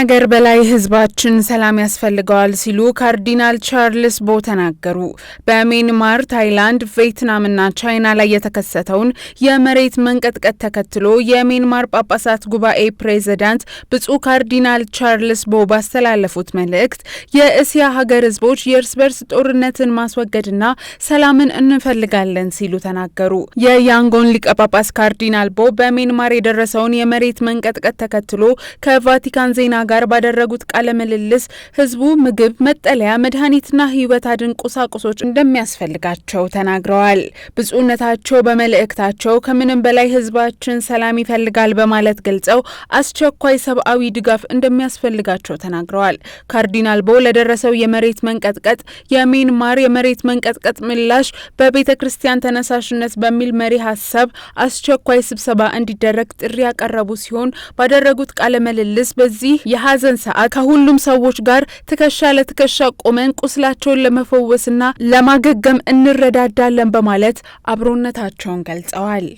ነገር በላይ ህዝባችን ሰላም ያስፈልገዋል ሲሉ ካርዲናል ቻርልስ ቦ ተናገሩ። በሜንማር ታይላንድ፣ ቬትናምና ቻይና ላይ የተከሰተውን የመሬት መንቀጥቀጥ ተከትሎ የሜንማር ጳጳሳት ጉባኤ ፕሬዚዳንት ብፁዕ ካርዲናል ቻርልስ ቦ ባስተላለፉት መልእክት የእስያ ሀገር ህዝቦች የእርስ በርስ ጦርነትን ማስወገድና ሰላምን እንፈልጋለን ሲሉ ተናገሩ። የያንጎን ሊቀ ጳጳስ ካርዲናል ቦ በሜንማር የደረሰውን የመሬት መንቀጥቀጥ ተከትሎ ከቫቲካን ዜና ጋር ባደረጉት ቃለ ምልልስ ህዝቡ ምግብ፣ መጠለያ፣ መድኃኒትና ህይወት አድን ቁሳቁሶች እንደሚያስፈልጋቸው ተናግረዋል። ብፁዕነታቸው በመልእክታቸው ከምንም በላይ ህዝባችን ሰላም ይፈልጋል በማለት ገልጸው አስቸኳይ ሰብአዊ ድጋፍ እንደሚያስፈልጋቸው ተናግረዋል። ካርዲናል ቦ ለደረሰው የመሬት መንቀጥቀጥ የሜንማር የመሬት መንቀጥቀጥ ምላሽ በቤተ ክርስቲያን ተነሳሽነት በሚል መሪ ሀሳብ አስቸኳይ ስብሰባ እንዲደረግ ጥሪ ያቀረቡ ሲሆን ባደረጉት ቃለ ምልልስ በዚህ የሀዘን ሰዓት ከሁሉም ሰዎች ጋር ትከሻ ለትከሻ ቆመን ቁስላቸውን ለመፈወስና ለማገገም እንረዳዳለን በማለት አብሮነታቸውን ገልጸዋል።